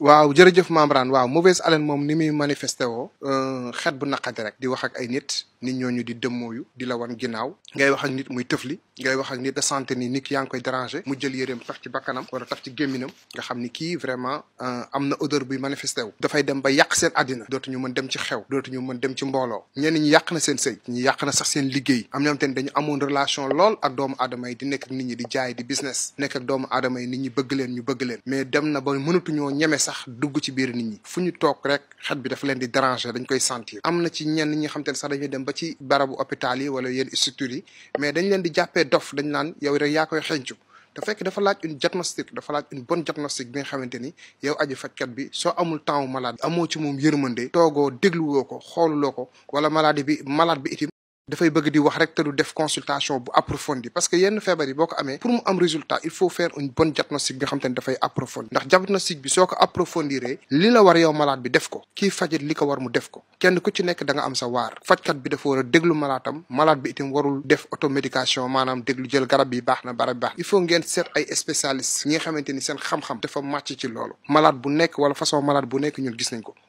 waaw jërëjëf membran waaw mauvaise haleine moom ni muy manifesté woo euh, xet bu naqadi rek di wax ak ay nit nit ñooñu di dem dëmmooyu di la wan ginnaaw ngay wax ak nit muy tëfli ngay wax ak nit da santé ni nit yaa ngi koy déranger mu jël yëre yéreem taf ci bakkanam wala tax ci gémminam nga xam ni kii vraiment euh, am na odeur buy manifesté wu dafay dem ba yàq seen àddina dootuñu mën dem ci xew dootuñu mën dem ci mbooloo ñenn ñi yàq na seen sëy ñi yàq na sax seen liggéey am ñoom tamit dañu amoon relation lool ak doomu yi di nekk nit ñi di jaay di business nekk doomu aadama yi nit ñi bëgg leen ñu bëgg mais dem na ba mënatuñoo ñeme sax dugg ci biir nit ñi fu ñu toog rek xet bi dafa leen di déranger dañ koy sentir am na ci ñenn ñi nga xam te ne sax dañuy dem ba ci barabu hôpital yi wala yenn structures yi mais dañ leen di jàppee dof dañ naan yow rek yaa koy xencu te fekk dafa laaj une diagnostic dafa laaj une bonne diagnostic bi nga xamante ni yow aji fajkat bi soo amul temps malade amoo ci moom yërmande toogoo dégluwoo ko xooluloo ko wala maladie bi malade dafay bëgg di wax rek te du def consultation bu approfondie parce que yenn feebar yi boo ko amee pour mu am résultat il faut faire une bonne diagnostic bi nga xam te ne dafay approfondir ndax diagnostic bi soo ko approfondiree li la war yow malade bi def ko kii fajit li ko war mu def ko kenn ku ci nekk da nga am sa waar fajkat bi dafa war a déglu malaatam malade bi itam warul def automédication maanaam déglu jël garab yi baax na barab baax il faut ngeen seet ay spécialistes ñi nga xamante ni seen xam-xam dafa màcc ci loolu malade bu nekk wala façon malade bu nekk ñun gis nañ ko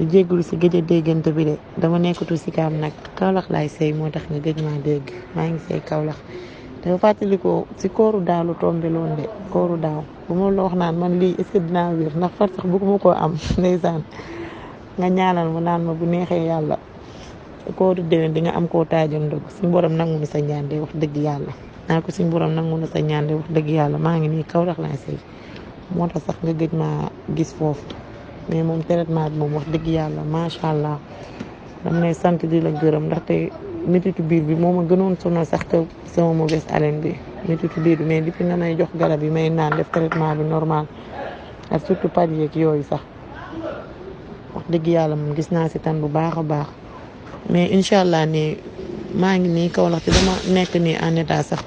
li jéggulu si gëj a déggante bi de dama nekkatul si kaam nag Kaolack laay sëy moo tax nga gëj maa dégg maa ngi sëy Kaolack dafa fàttalikoo si kooru daaw lu tombé loon de kooru daaw la wax naan man lii est ndax far bëgguma koo am ndeysaan nga ñaanal mu naan ma bu neexee yàlla kooru déwén di nga am koo taajandoo suñu borom nangu na sa ñaan de wax dëgg yàlla naa ko suñu borom nangu na sa ñaan wax dëgg yàlla maa ngi nii Kaolack laay sëy moo tax sax nga gëj maa gis foofu. mais moom traitement bi moom wax dëgg yàlla macha allah dam lay sant di la gërëm ndaxte métitu biir bi moo ma gënoon sonal sax que sama mauvaise haleine bi métitu biir bi mais depuis na may jox garab yi may naan def traitement bi normal ak surtout paj yeeg yooyu sax wax dëgg yàlla moom gis naa si tan bu baax a baax mais incha allah nii maa ngi nii kaw ndaxte dama nekk nii en sax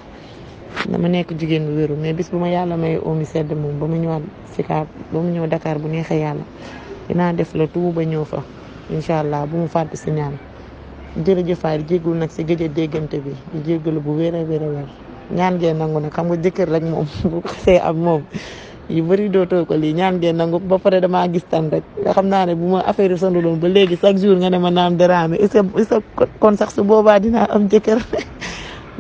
dama nekk jigéen bu wéru mais bis bu ma yàlla may omi sedd moom ba mu ñëwaat Sicap ba mu ñëw Dakar bu neexee yàlla dinaa def la tout ba ñëw fa incha allah bu mu fàtte si ñaan jërëjëfaay jéggul nag si gëj a bi di bu wér a wér a wér ñaan nangu nag xam nga jëkkër rek moom bu xasee am moom yu bëri dootoo ko lii ñaan ngeen nangu ba pare damaa gis tan rek nga xam naa ne bu ma affaire sonaloon ba léegi chaque jour nga ne ma naam daraame est-ce que kon sax su boobaa dinaa am jëkkër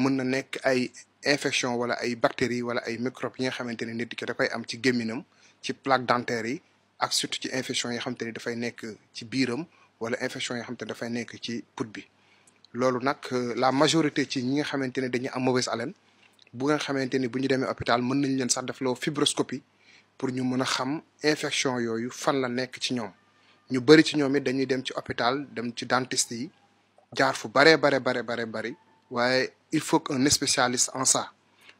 mën na nekk ay infection wala ay bactéries wala ay microbes ñi nga xamante ne nit ki da koy am ci gémminam ci plaque dentaire yi ak surtout ci infection yi nga xamante ni dafay nekk ci biiram wala infection yi nga xamante ne dafay nekk ci put bi loolu nag euh, la majorité ci ñi nga xamante ne dañuy am mauvaise aleen bu nga xamante ni bu ñu demee hôpital mën nañ leen sax def loo pour ñu mën a xam infection yooyu fan la nekk ci ñoom ñu bëri ci ñoom it dañuy dem ci hôpital dem ci dentiste yi jaar fu bare bare bare bare bari waaye il faut qu'un spécialiste en ça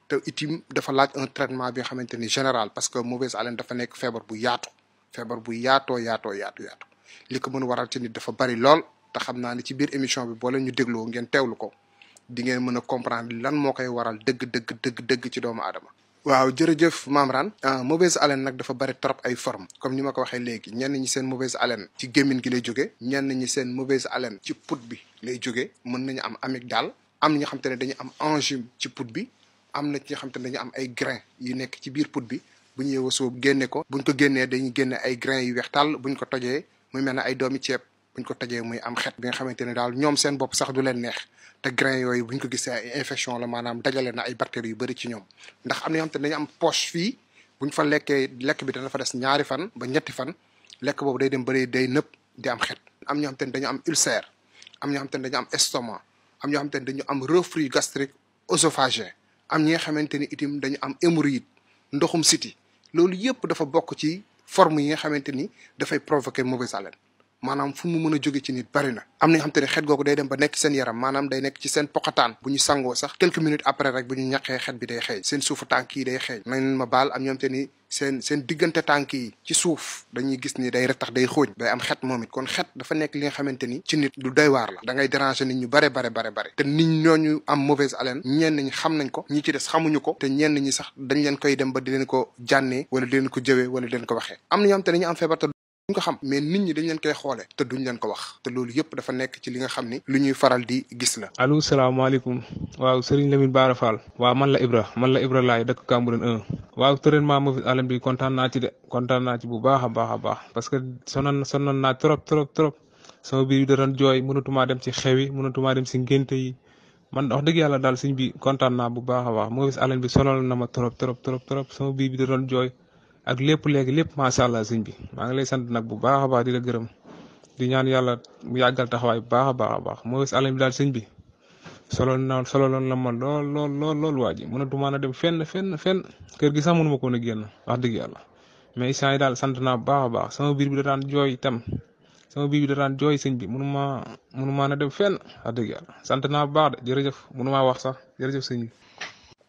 te faut dafa laaj un traitement bi nga général parce que mauvaise haleine dafa nekk fièvre bu yaatu feebar bu yato, yato. yaatu yaatu li ko mën waral ci nit dafa bari lool te xam ni ci biir émission bi boo leen ñu dégloo ngeen teewlu ko di ngeen mën comprendre lan moo koy waral deug deug deug dëgg ci doomu adama waaw jërëjëf Mamran euh, mauvaise haleine nak dafa bari trop ay forme comme ni mako waxé légui léegi ñi seen mauvaise haleine ci gémmiñ gi lay joggé ñenn ñi seen mauvaise haleine ci put bi lay joggé mën nañu am amygdale am ñi nga ne dañu am enzyme ci put bi am na ci nga dañu am ay grain yu nekk ci biir put bi bu ñu wasoo ko buñ ko génnee dañu génne ay grain yu weex tàll buñ ko tojee muy mel ne ay doomi ceeb buñ ko tojee muy am xet bi nga xamante ne daal ñoom seen bopp sax du leen neex te yooyu buñ ko gisee ay infection la maanaam dajale na ay bactéries yu bëri ci ñoom ndax am na ñoo xam te ne dañu am poche fii buñ fa lekkee lekk bi dana fa des ñaari fan ba ñetti fan lekk boobu day dem bëri day nëpp di am xet am ñoo xam dañu am ulcère am ñoo xam dañu am estoma am ñoo xamante ni dañu am reflux gastrique œsophagien am ñi nga xamante ni itim dañu am hémorroïde ndoxum siti loolu yëpp dafa bokk ci forme yi nga xamante ni dafay provoquer mauvaise haleine maanaam fu mu mën a jóge ci nit bari na am na ñoo xam te ne xet googu day dem ba nekk seen yaram maanaam day nekk ci seen poqataan bu ñu sangoo sax quelques minutes après rek bu ñu ñaqee xet bi day xeeñ seen suufu tànk yi day xeeñ nañ ma baal am ñoom te ni seen diggante tànk yi ci suuf dañuy gis ni day retax day xóoñ day am xet moom kon xet dafa nekk li nga xamante ni ci nit lu doy waar la da ngay déranger nit ñu bare bare bare bare te nit ñooñu am mauvaise haleine ñenn ñi xam nañ ko ñi ci des xamuñu ko te ñenn ñi sax dañ leen koy dem ba di leen ko jànnee wala di leen ko jëwee wala di leen ko waxee am na ñoo xam te ne ñu am feebar ñu xam mais nit ñi dañ leen koy xoole te duñ leen ko wax te loolu yëpp dafa nekk ci li nga xam ni lu ñuy faral di gis la allo salaamaaleykum waaw Serigne Lamine Bara Fall waaw man la Ibra man la Ibra laay dëkk Cambérène 1 waaw traitement Mouride Alam bi kontaan naa ci kontaan naa ci bu baax a baax baax parce que sonoon sonoon naa trop trop trop sama biir bi da doon jooy mënatumaa dem ci xew yi mënatumaa dem ci ngénte yi man wax dëgg yàlla daal sëñ bi kontaan naa bu baax a baax Mouride Alam bi sonal na ma trop trop trop trop sama biir bi da doon jooy ak lépp léegi lépp macha allah sëñ bi maa ngi lay sant nag bu baax a baax di gërëm di ñaan yàlla mu yàggal taxawaay bu baax a baax a baax moo wees alam daal sëñ bi solo na solo loon la ma lool lool lool lool waa ji mënatu maa na dem fenn fenn fenn kër gi sax munuma ko a génn wax dëgg yàlla mais isaan yi daal sant naa bu baax a baax sama biir bi da daan jooy itam sama biir bi da daan jooy sëñ bi mënuma mënuma na dem fenn wax dëgg yàlla sant naa bu baax de jërëjëf mënumaa wax sax jërëjëf sëñ bi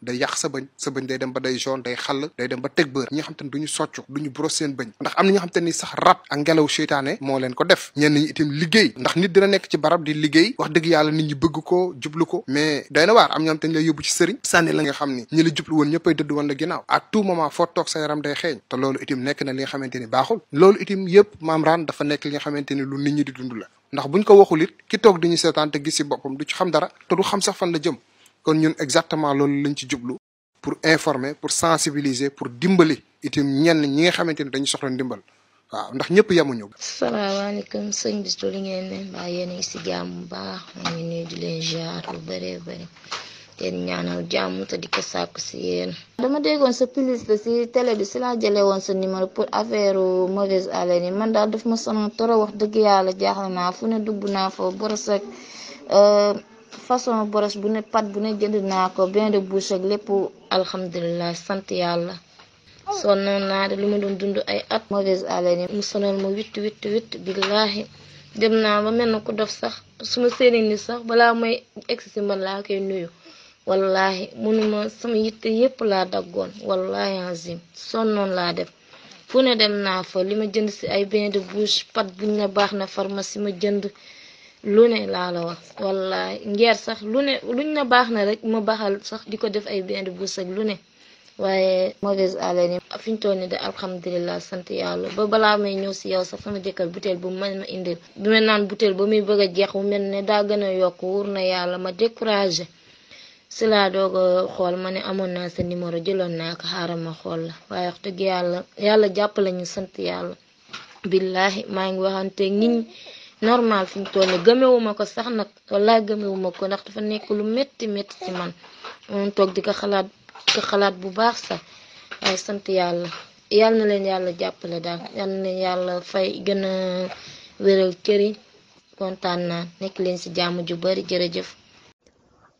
day yàq sa bañ sa bañ day dem ba day jaune day xal day dem ba teg beur ñi xamanteni duñu soccu duñu bros seen bañ ndax amna na xamanteni sax rat ak ngelaw sheytane mo leen ko def ñen ñi itim liggey ndax nit dina nek ci barab di liggey wax deug yalla nit ñi bëgg ko jublu ko mais day na waar am ñoo xam lay yóbbu ci sëriñ sané la nga xamni ñi la jublu won ñëppay dëdd won la ginaaw à tout moment fo tok sa yaram day xéñ te loolu itim nek na li nga xamanteni baxul loolu itim yépp maam raan dafa nek li nga xamanteni lu nit ñi di dund ndax buñ ko waxulit ki tok diñu sétante gis ci bopam du ci xam dara te du xam sax fan la jëm kon ñun exactement loolu lañ ci jublu pour informer pour sensibiliser pour dimbali itam ñenn ñi nga xamante ni dañu soxla ndimbal waaw ndax ñëpp yemuñu. o sëñ bi du li ngeen ne mbaa yéen a ngi si jàmm bu baax maa ngi nuyu di leen jaar bu bëree bëri te ñaanal jàmm te di ko si yéen. dama déggoon sa pilis la si télé bi si laa jëlee woon sa numéro pour affaire mauvaise haleine yi man daal daf ma sonal trop wax dëgg yàlla jaaxle naa fu ne dugg naa fa boros ak euh, façon boros bu ne pat bu ne jënd naa ko bain de bouche ak lépp alhamdulilah sant yàlla sonn naa de li ma doon dund ay at mauvaise haleine mu sonal ma witt witt witt billaahi dem naa ba mel na ku dof sax su ma seeni ni sax balaa may egsi si man laa koy nuyu wallaahi mënuma sama yitte yépp laa daggoon wallaahi azim sonnoon laa def fu ne dem naa fa li ma jënd si ay bind de bouche pat buñ ne baax na pharmacie ma jënd lu ne laa la wax wallaay ngeer sax lu ne luñ na baax na rek ma baaxal sax di ko def ay benn bu sag lu ne waaye mauvaise haleine yi fi ñu toll nii de alhamdulilah sant yàlla ba balaa may ñëw si yow sax sama jëkkër butéel bu man ma indil bi ma naan butéel ba muy bëgg jeex bu mel ne daa gën a yokk na yàlla ma découragé si laa doog xool ma ne amoon naa sa numéro jëloon naa ko xaaral ma xool la waaye wax dëgg yàlla yàlla jàpp lañu sant yàlla billahi maa ngi waxante nit ñi normal fi mu toll nii ko sax nak wallaay gëmewuma ko nak dafa nek lu metti metti ci man untuk tok di ko xalaat ko xalaat bu baax sax ay sant yalla yalla na len yalla jàppale dal yalla na yalla fay gëna a wéral cër yi kontaan naa nekk ju bari jërëjëf.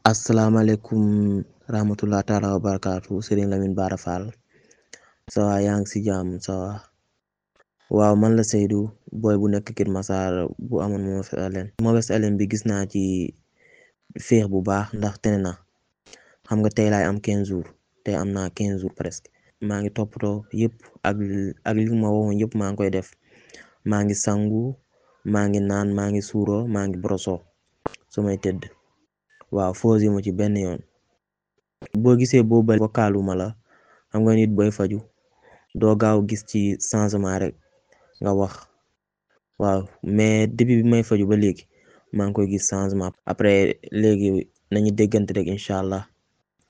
alaykum rahmatullahi taala wa barakatuh Serigne Lamine Bara Fall. ça si jamu soa. waaw man la Seydou booy bu nekk Kër Massar bu amoon Mauvaise haleine Mauvaise haleine bi gis naa ci féex bu baax ndax tene na xam nga tey laay am quinze jours tey am naa quinze jours presque maa ngi toppatoo yëpp ak ak li ma waxoon yëpp maa ngi koy def maa ngi sangu maa ngi naan maa ngi suuroo maa ngi brosoo su may tëdd waaw foos yi ma ci benn yoon boo gisee boo bale bokkaaluma la xam nga nit booy faju doo gaaw gis ci changement rek nga wax waaw mais depuis bi may faju ba léegi maa ngi koy gis changement après léegi nañu déggante rek incha allah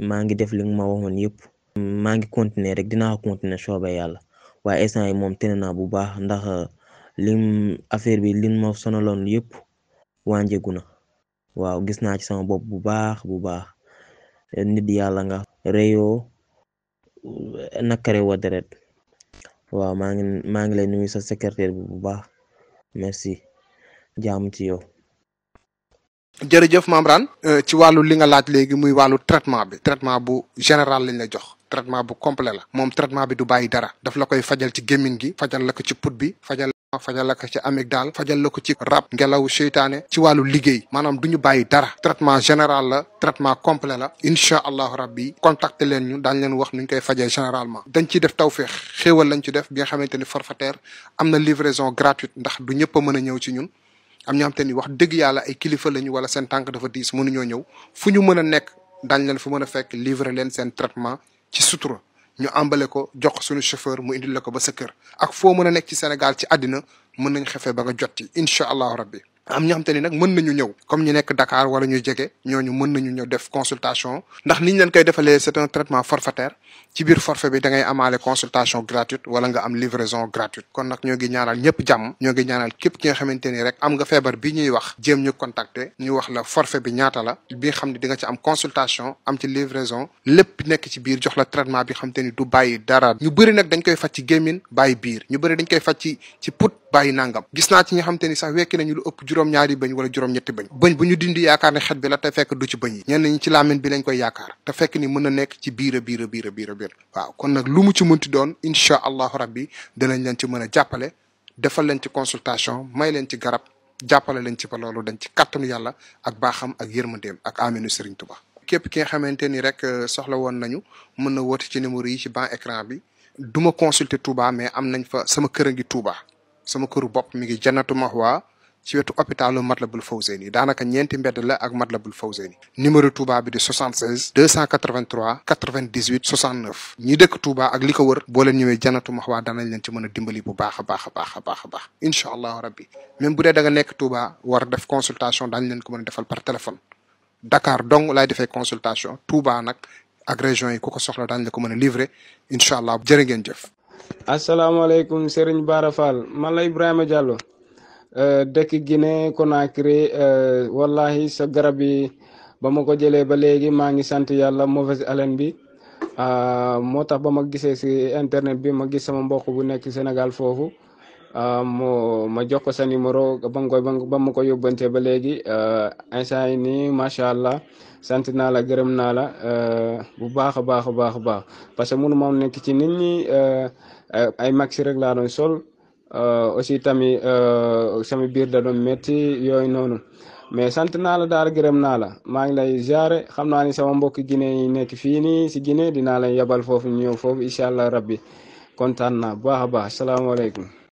maa ngi def li ma waxoon yëpp maa ngi continuer rek dina ko continuer soobee yàlla waaye instant yi moom tene naa bu baax ndax euh, lim affaire bi lim ma sonaloon yëpp wàññeeku na waaw gis naa ci sama bopp bu baax bu baax nit yàlla nga réyoo euh, nakare wa deret waaw maa ngi maa ngi lay nuyu sa secrétaire bi bu baax merci jaam ci yow. jërëjëf Mame euh, ci wàllu li nga laaj léegi muy wàllu traitement bi traitement bu général lañ la jox. traitement bu complet la mom traitement bi du bayyi dara daf la koy fajal ci gémmiñ gi fajal la ko ci put bi fajal fajal la ko ci amygdale fajal la ko ci rap ngelaw seytaane ci walu liggéey manam duñu bayyi dara traitement général la traitement complet la incha allahu rabbi contacte leen ñu daañ leen wax nuñ koy fajee généralement dañ ci def tawfiq xewal lañ ci def bi nga xamante forfaitaire amna livraison gratuite ndax du ñepp mëna ñew ci ñun am ñoo xam wax deug yàlla ay kilifa lañu wala sen tank dafa dis mënu ñëw ñew fuñu mëna nek dañ daañ fu mëna fekk livrer len sen traitement ci sutura ñu àmbale ko jox ko suñu chauffeur mu indil la ko ba sa kër ak foo mën a nekk ci Sénégal ci àddina mën nañ xefee ba nga jot ci incha allahu rabbi am ñoo xam te ni nag mën nañu ñëw comme ñu nekk Dakar wala ñu jege ñooñu mën nañu ñëw def consultation ndax niñ leen koy defalee c'est un traitement forfaitaire ci biir forfait bi da ngay amaale consultation gratuite wala nga am livraison gratuite kon nag ñoo gi ñaanal ñëpp jàmm ñoo ngi ñaanal képp ki nga xamante ni rek am nga feebar bi ñuy wax jéem ñu contacter ñu wax la forfait bi ñaata la bi xam ne di ci am consultation am ci livraison lép nekk ci biir jox la traitement bi xam te ni du bàyyi dara ñu bëri nag dañ koy faj ci gémmin bàyyi biir ñu bëri dañ koy faj ci ci put bàyyi nangam gis juróom-ñaari bëñ wala juróom-ñetti bëñ bu ñu dindi yaakaar ne xet bi la te fekk du ci bëñ yi ñenn ñi ci làmmiñ bi lañ koy yaakaar te fekk ni mën na nekk ci biir a biir a biir a biir waaw kon nag lu mu ci mënti doon incha allahu rabbi danañ leen ci mën a jàppale defal leen ci consultation may leen ci garab jàppale leen ci ba loolu dañ ci kàttanu yàlla ak baaxam ak yërmandeem ak aminu Serigne tuba képp ki nga xamante ni rek euh, soxla woon nañu mën na woote ci numéro yi ci ban écran bi du ma consulter Touba mais am nañ fa sama kër a ngi Touba sama këru bopp mi ngi Jannatu Mahwa ci wetu hôpitalu matlabul Fawzeyni danaka ñenti mbedd la ak matlabul Fawzeyni numéro Touba bi di 76 283 98 69 ñi dëkk Touba ak li ko wër bo leen ñëwé janatu mahwa danañ leen ci mëna dimbali bu baax a baax a baax a rabbi même bu da nga nekk Touba war def consultation daañu leen ko mën defal par téléphone Dakar dong laay consultation Touba nag ak région yi ku ko soxla daañu la ko mën livrer incha allah Serigne Ibrahima Diallo Eh, dëkk Guinée Conakry eh, wallahi sa garab yi ba ma ko jëlee ba léegi maa ngi sant yàlla mauvaise haleine bi ah, moo tax ba ma gisee si internet bi ma gis sama mbokk bu nekk Sénégal foofu ah, moo ma jox ko sa numéro ba ma koy ba ma ko yóbbante ba léegi eh, instant yi nii macha allah sant naa la gërëm naa la bu baax a baax baax baax parce que mënu ma nekk ci nit ñi ay maxi rek sol. Euh, aussi tamit euh, sama biir da doon métti yooyu noonu mais sant naa la daal gërëm naa la maa ngi lay xam naa ni sama mbokk Guinée yi nekk fii nii si Guinée dinaa lay yabal foofu ñëw foofu incha allah rabbi kontaan naa baax a salaamaaleykum.